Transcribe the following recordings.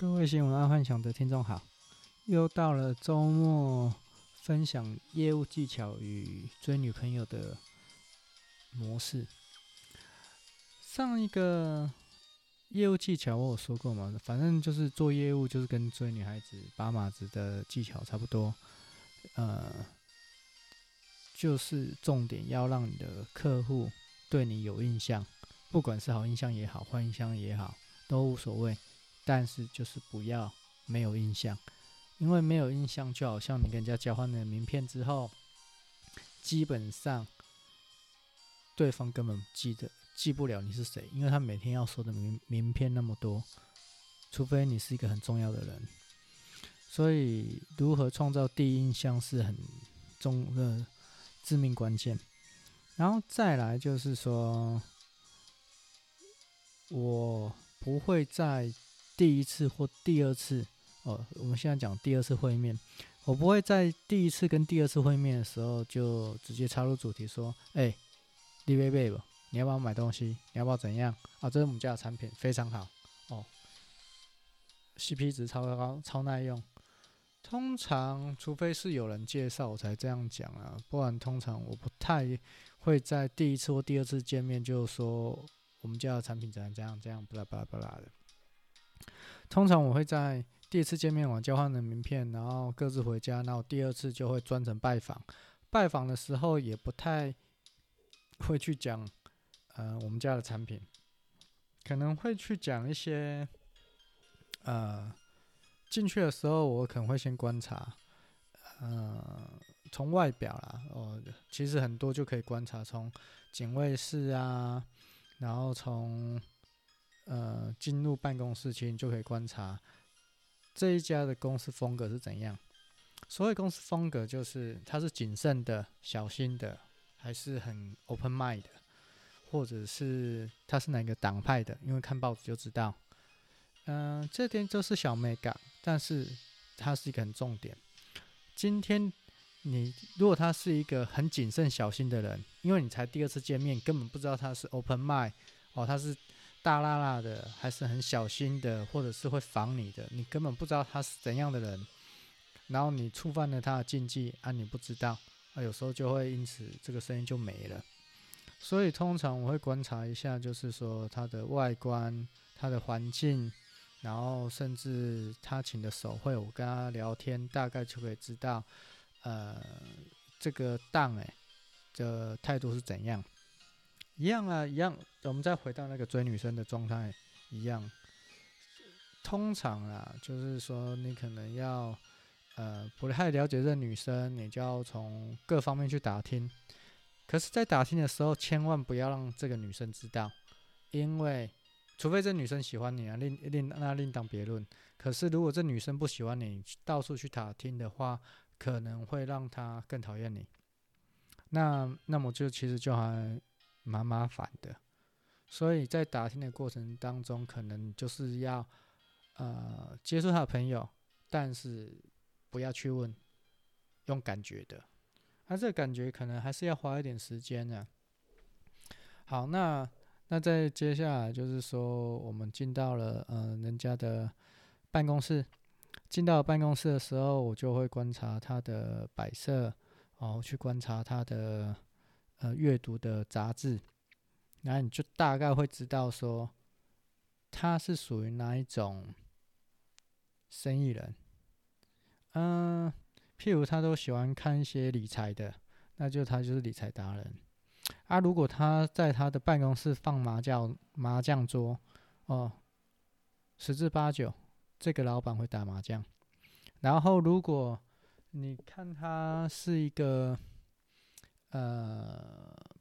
各位新聞阿幻想的聽眾好，又到了週末分享業務技巧與追女朋友的模式。上一個業務技巧我有說過嘛，反正就是做業務就是跟追女孩子、把馬子的技巧差不多。呃，就是重點要讓你的客戶對你有印象，不管是好印象也好，壞印象也好，都無所謂。但是就是不要沒有印象，因為沒有印象就好像你跟人家交換了名片之後，基本上對方根本記得記不了你是誰，因為他每天要說的名名片那麼多，除非你是一個很重要的人。所以如何創造第一印象是很重的，呃，致命關鍵。然後再來就是說，我不會再。第一次或第二次哦，我們現在講第二次會面，我不會在第一次跟第二次會面的時候就直接插入主題說，哎，李貝貝，你要不要買東西？你要不要怎樣啊？哦，這是我們家的產品，非常好哦，CP 值超高，超耐用。通常除非是有人介紹我才這樣講啊，不然通常我不太會在第一次或第二次見面就說我們家的產品怎樣怎樣這樣，巴拉巴拉巴拉的。通常我會在第一次見面我交換的名片，然後各自回家。那我第二次就會專程拜訪。拜訪的時候也不太會去講，呃，我們家的產品，可能會去講一些，呃，進去的時候我可能會先觀察，呃，從外表啦，哦、呃，其實很多就可以觀察，從警衛室啊，然後從。呃，進入辦公室前就可以觀察這一家的公司風格是怎樣。所謂公司風格，就是他是謹慎的、小心的，還是很 open mind 的，或者是他是哪個黨派的？因為看報紙就知道。嗯、呃，這邊就是小美嘎，但是它是一個很重點。今天你如果他是一個很謹慎小心的人，因為你才第二次見面，根本不知道他是 open mind，哦，他是。大剌剌的，還是很小心的，或者是會防你的，你根本不知道他是怎樣的人。然後你觸犯了他的禁忌啊，你不知道啊，有時候就會因此這個生意就沒了。所以通常我會觀察一下，就是說他的外觀、他的環境，然後甚至他請的守衛，我跟他聊天，大概就可以知道，呃，這個檔哎的態度是怎樣。一樣啊，一樣。我們再回到那個追女生的狀態，一樣。通常啊，就是說你可能要，呃，不太了解這女生，你就要從各方面去打聽。可是，在打聽的時候，千萬不要讓這個女生知道，因為除非這女生喜歡你啊，另另那另當別論。可是，如果這女生不喜歡你，到處去打聽的話，可能會讓她更討厭你。那那麼就其實就還。蠻麻煩的，所以在打聽的過程當中，可能就是要呃接觸他的朋友，但是不要去問，用感覺的，那、啊、這個、感覺可能還是要花一點時間的，啊。好，那那在接下來就是說，我們進到了嗯、呃、人家的辦公室，進到了辦公室的時候，我就會觀察他的擺設，然、哦、後去觀察他的。呃，閱讀的雜誌，那你就大概會知道說，他是屬於哪一種生意人。嗯、呃，譬如他都喜歡看一些理財的，那就他就是理財達人。啊，如果他在他的辦公室放麻將，麻將桌，哦、呃，十之八九這個老板會打麻將。然後，如果你看他是一個。呃，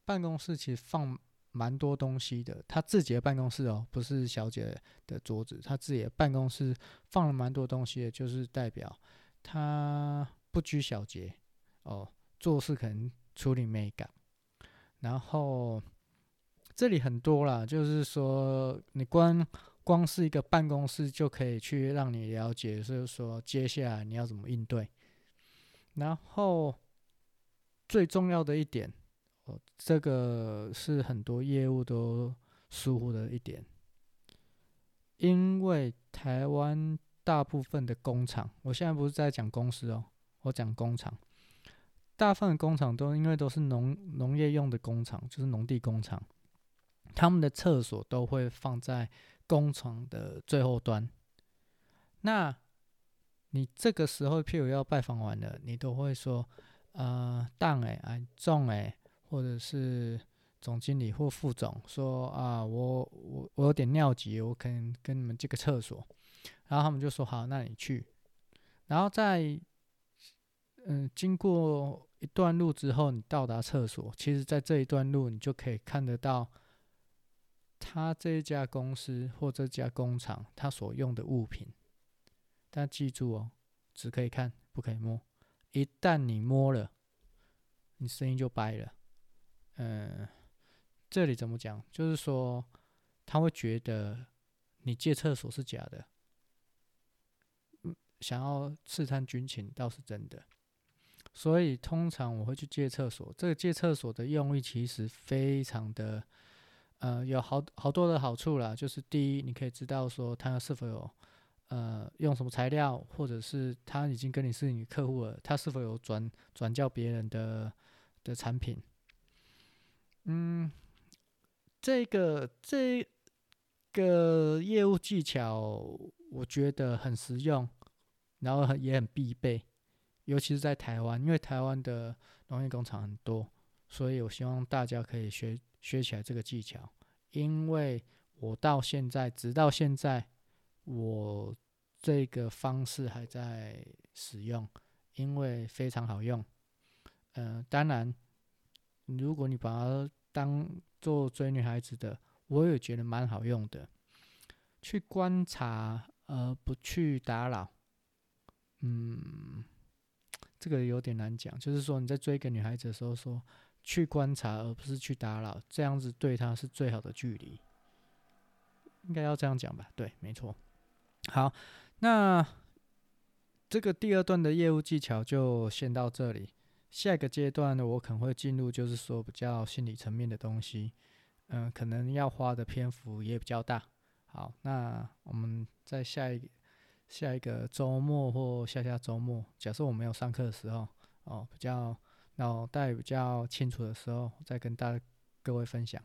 辦公室其實放蠻多東西的。他自己的辦公室哦，不是小姐的桌子，他自己的辦公室放了蠻多東西的，就是代表他不拘小節哦，做事可能處理靈美感。然後這裡很多啦，就是說你光光是一個辦公室就可以去讓你了解，就是說接下來你要怎麼應對。然後。最重要的一點，哦，這個是很多業務都疏忽的一點。因為台灣大部分的工廠，我現在不是在講公司哦，我講工廠。大部分工廠都因為都是農農業用的工廠，就是農地工廠，他們的廁所都會放在工廠的最後端。那你這個時候譬如要拜訪完了，你都會說。呃，當欸，哎，總欸，或者是總經理或副總說啊，我我我有點尿急，我可能跟你們借個廁所，然後他們就說好，那你去，然後在嗯、呃、經過一段路之後，你到達廁所，其實，在這一段路你就可以看得到，他這一家公司或這家工廠他所用的物品，但記住哦，只可以看，不可以摸。一旦你摸了，你聲音就掰了。嗯，這裡怎麼講？就是說，他會覺得你借廁所是假的，嗯，想要刺探軍情倒是真的。所以通常我會去借廁所。這個借廁所的用意其實非常的，呃，嗯，有好好多的好處啦。就是第一，你可以知道說他是否有。呃，用什麼材料，或者是他已經跟你是你客戶了，他是否有轉轉教別人的的產品？嗯，這個這個業務技巧我覺得很實用，然後很也很必備，尤其是在台灣，因為台灣的農業工廠很多，所以我希望大家可以學學起來這個技巧，因為我到現在直到現在。我這個方式還在使用，因為非常好用。嗯、呃，當然，如果你把它當做追女孩子的，我也覺得蠻好用的。去觀察，而不去打擾。嗯，這個有點難講，就是說你在追一個女孩子的時候說，說去觀察而不是去打擾，這樣子對她是最好的距離。應該要這樣講吧？對，沒錯。好，那這個第二段的業務技巧就先到這裡。下一個階段呢，我可能會進入，就是說比較心理層面的東西，嗯、呃，可能要花的篇幅也比較大。好，那我們在下一個下一個周末或下下周末，假設我沒有上課的時候，哦，比較腦袋比較清楚的時候，我再跟大家各位分享。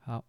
好。